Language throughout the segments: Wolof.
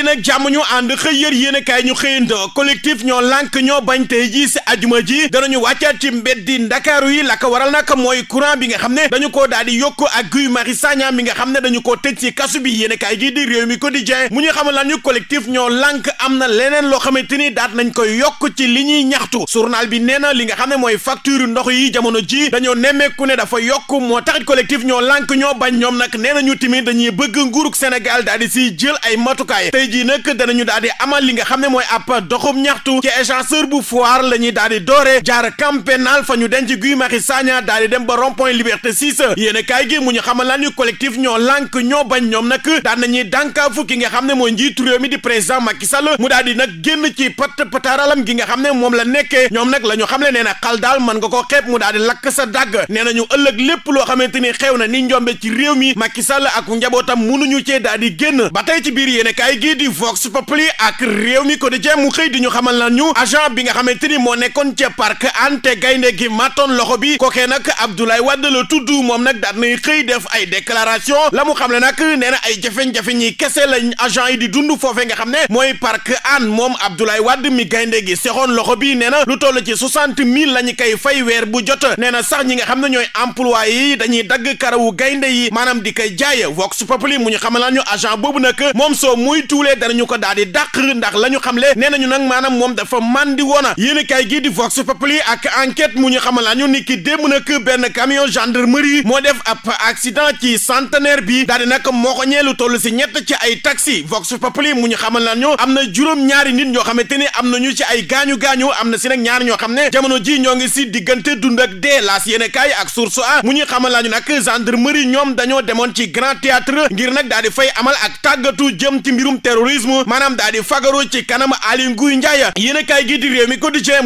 dali nag jàmm ànd xëy yër yéen kaay ñu xëyandoo ñoo lànk ñoo bañ ji si ajuma ji danañu wàccaat ci mbeddi ndakaaru yi la ko nag mooy courant bi nga xam ne dañu koo daal di yokk ak Guy Marius Sagna mi nga xam ne dañu koo tëj ci kasu bi yéen kaay gi di réew mi quotidien mu ñu xamal lan ñu collectif ñoo lànk am na leneen loo xamante ni daat nañ koy yokk ci li ñuy ñaxtu journal bi nee na li nga xam ne mooy facture ndox yi jamono ji dañoo nemmeeku ne dafa yokk moo tax collectif ñoo lànk ñoo bañ ñoom nag nee nañu timit dañuy bëgg nguurug Sénégal daal di si jël ay matukaay jii nag danañu daal di amal li nga xam ne mooy ab doxum ñaxtu ci échanceur bu foire la ñuy daal di doore jaar camp pénal fa ñu denc Guy Marius Sagna daal di dem ba rond point liberté 6 yéen a kaay gi mu ñu xamal laan ñu collectif ñoo lànk ñoo bañ ñoom nag daan nañuy dànkaafu ki nga xam ne mooy njiitu réew mi di président Macky Sall mu daal di nag génn ci pat pataaralam gi nga xam ne moom la nekkee ñoom nag la ñu xam le nee na xal daal mën nga ko xeeb mu daal di lakk sa dàgg nee na ñu ëllëg lépp loo xamante ni xew na ni njombe ci réew mi Macky Sall ak njabootam mënuñu cee daal di génn ba tey ci biir yéen kaay di Vox Populi ak réew mi quotidien mu xëy di ñu xamal lan ñu agent bi nga xamante ni moo nekkoon ca parc ante gaynde gi matoon loxo bi kookee nag Abdoulaye Wade la tudd moom nag daat nay xëy def ay déclaration la mu xam le nag nee na ay jafe-jafe ñi kese lañ agent yi di dund foofee nga xam ne mooy parc an moom Abdoulaye Wade mi gaynde gi sexoon loxo bi nee na lu toll ci soixante mille la ñu koy fay weer bu jot nee na sax ñi nga xam ne ñooy employé yi dañuy dagg karawu gaynde yi maanaam di koy jaaye Vox Populi mu ñu xamal lan ñu agent boobu nag loolee danañu ko daal di dàq ndax la ñu le nee nañu nag maanaam moom dafa màndi woon a yéen kaay gii di Vox Populi ak enquête mu ñu xamal la ñu ni ki démb nag benn camion gendarmerie moo def ab accident ci centenaire bi daal di nag moo ko ñeelu toll si ñett ci ay taxi Vox Populi mu ñu xamal la ñu am na juróom-ñaari nit ñoo xamante ni am nañu ci ay gaañu gaañu am na si nag ñaar ñoo xam ne jamono ji ñoo ngi si diggante dund ak dee laas yéen kaay ak source a mu ñu xamal la ñu nag gendarmerie ñoom dañoo demoon ci grand théâtre ngir nag daal di fay amal ak tàggatu jëm ci mbirum teru terrorisme maanaam daal di fagaru ci kanam Aly Ngouille Ndiaye yéen a kaay gi di réew mi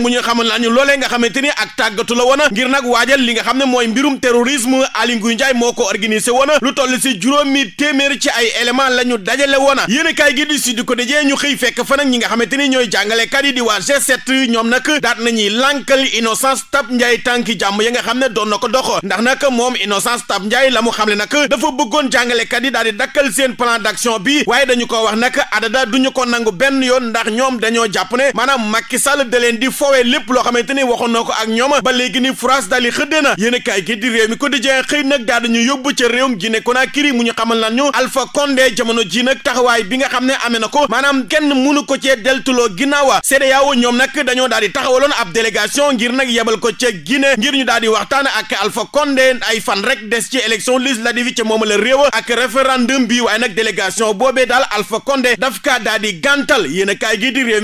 mu ñu xamal nañu loolee nga xamante ni ak tàggatu la woon ngir nag waajal li nga xam ne mooy mbirum terrorisme Aly Ngouille Ndiaye moo ko organisé woon lu toll si juróomi téeméer ci ay élément la ñu dajale woon yéen a kaay gi di ko Quotidien ñu xëy fekk fa nag ñi nga xamante ni ñooy jàngalekat yi di waa G7 ñoom nag daat nañuy lànkal Innocence Tab Ndiaye tànki jàmm ya nga xam ne doon na ko dox ndax nag moom Innocence Tab Ndiaye la mu xam n nag dafa bëggoon jàngalekat yi daal di dakkal seen plan d'action bi waaye dañu ko wax nag nag adada duñu ko nangu benn yoon ndax ñoom dañoo jàpp ne maanaam Macky Sall da leen di foowee lépp loo xamante ni waxoon na ko ak ñooma ba léegi ni France daal di xëddee na yéen a kaay gi di réew mi quotidien xëy nag daal dañu yóbbu ca réewum Guinée Conakry mu ñu xamal lan ñu Alpha Condé jamono ji nag taxawaay bi nga xam ne amee na ko maanaam kenn mënu ko cee deltuloo ginnaawa CEDEAO ñoom nag dañoo daal di taxawaloon ab délégation ngir nag yebal ko ca Guinée ngir ñu daal di waxtaan ak Alpha Condé ay fan rek des ci élection législative ci moom réew ak référendum bi waaye nag délégation boobee daal Alpha de daf kaa daa di gàntal yéen a kaay gii di réew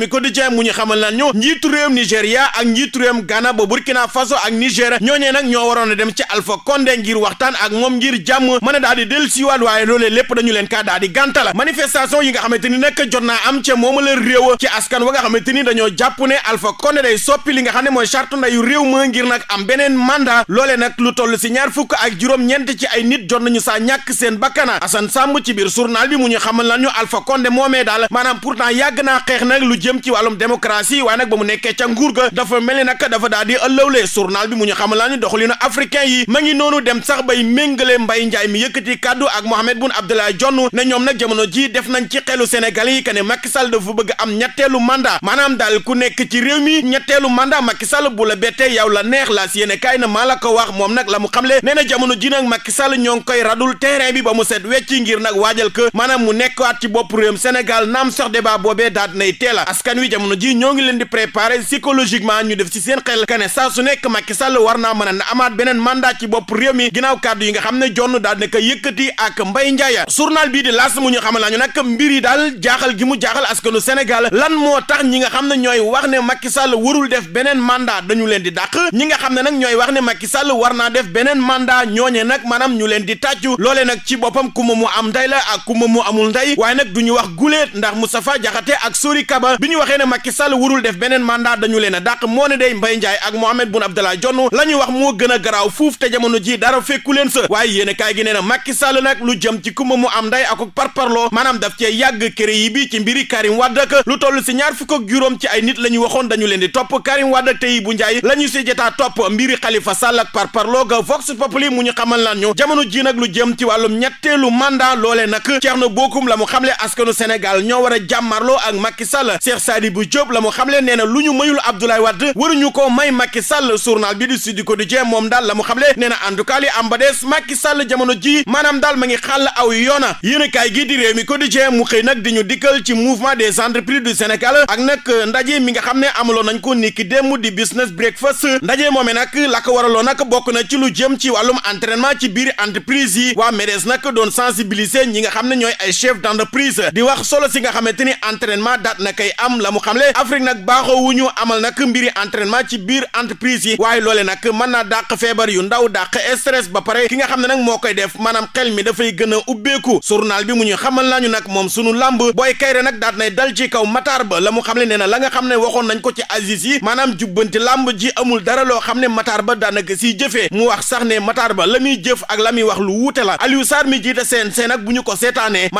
mu ñu xamal lan ñu njiitu réewum Nigéria ak njiitu réewum Ghana ba Burkina Faso ak Niger ñooñee nag ñoo waroon a dem ci Alpha Condé ngir waxtaan ak moom ngir jàmm mën a daa di dellu siwaat waaye loolee lépp dañu leen kaa daa di gàntal manifestation yi nga xamante ni nag jot naa am ca mooma la réew ci askan wa nga xamante ni dañoo jàpp ne Alpha Condé day soppi li nga xam ne mooy charte ndayu réew ma ngir nag am beneen mandat loolee nag lu toll si ñaar fukk ak juróom-ñeent ci ay nit jot nañu saa ñàkk seen bakkana Assane Samb ci biir journal bi mu ñu xamal lan ñu Alpha ne moomee daal maanaam pourtant yàgg naa xeex nag lu jëm ci wàllum démocratie waaye nag ba mu nekkee ca nguur ga dafa mel ni nag dafa daal di ëllëwlee journal bi mu ñu xamal laa ni doxalinu africain yi ma ngi noonu dem sax bay méngale Mbaye Ndiaye mi yëkkati kàddu ak Mohamed Boun Abdallah Dionne ne ñoom nag jamono ji def nañ ci xelu Sénégal yi que ne Macky Sall dafa bëgg am ñetteelu mandat maanaam daal ku nekk ci réew mi ñetteelu mandat Macky Sall bu la bettee yow la neex laas yéene kaay na maa la ko wax moom nag la mu xamle nee na jamono ji nag Macky Sall ñoo ngi koy radul bi ba mu set wecci ngir nag waajal ko maanaam mu nekkaat bopp réew Sénégal naam sax débat boobee daal nay teel askan wi jamono ji ñoo ngi leen di préparer psychologiquement ñu def ci seen xel ka ne saa su nekk Macky Sall war naa mën a amaat beneen mandat ci bopp réew mi ginnaaw kàddu yi nga xam ne jonn daal na ko ak Mbaye Ndiaye journal bii di laas mu ñu xamal nañu nag mbir yi daal jaaxal gi mu jaaxal askanu Sénégal lan moo tax ñi nga xam ne ñooy wax ne Macky Sall warul def beneen mandat dañu leen di dàq ñi nga xam ne nag ñooy wax ne Macky Sall war naa def beneen mandat nag maanaam ñu leen di tàccu loolee nag ci boppam ku ma mu am nday la ak kuma mu amul nday waaye nag du duñu wax guléet ndax mu Moustapha Diakhaté ak Sori Kaba bi ñu waxee ne Macky Sall wurul def beneen mandat dañu leen a dàq moo ne day Mbaye Ndiaye ak Mohamed Boun Abdallah Dionne la ñuy wax moo gën a garaaw fuuf te jamono ji dara fekku leen sa waaye yéen a kaay gi nee na Macky Sall nag lu jëm ci kumba mu am nday ak parparloo maanaam daf cee yàgg këré yi bi ci mbiri Karim Wade ak lu toll si ñaar fukk ak juróom ci ay nit la ñu waxoon dañu leen di topp Karim Wade ak Tahibou Ndiaye la ñu si jotaa topp mbiri Khalifa Sall ak parparloo ga Vox Populi mu ñu xamal lan ñu jamono ji nag lu jëm ci wàllum ñetteelu mandat loolee nag Thierno Bocoum la mu xamle askanu Sénégal ñoo war a jàmmarloo ak Macky Sall Cheikh Sadibou Diop la mu xamle nee na lu ñu mayul Abdoulaye Wade ñu ko may Macky Sall journal bi di Sud Quotidien moom daal la mu xam nee na en tout cas li am ba des Macky Sall jamono ji maanaam daal ma ngi xàll aw yoona yéen a kaay gi di réew mi Quotidien mu xëy nag di ñu dikkal ci mouvement des entreprises du Sénégal ak nag ndaje mi nga xam ne amaloon nañ ko niki démb di business breakfast ndaje moomee nag la ko waraloon nag bokk na ci lu jëm ci wàllum entraînement ci biir entreprise yi waa MEDES nag doon sensibiliser ñi nga xam ne ñooy ay chef d'entreprise wax solo si nga xamante ni entraînement daat na koy am la mu xamle Afrique nag baaxoo wu ñu amal nag mbiri entraînement ci biir entreprise yi waaye loole nag mën naa dàq feebar yu ndaw dàq stress ba pare ki nga xam ne nag moo koy def maanaam xel mi dafay gën a ubbeeku journal bi mu ñu xamal nañu nag moom sunu làmb booy kayre nag daat nay dal ci kaw Matar Ba la mu ne nee na la nga xam ne waxoon nañ ko ci Aziz yi maanaam jubbanti làmb ji amul dara loo xam ne Matar Ba daanaka siy jëfee mu wax sax ne Matar Ba la muy jëf ak la muy wax lu wuute la Aliou Sarr mi jiite seen seen bu ñu ko seetaanee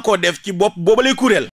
na koo def ci bopp booba lay kuréel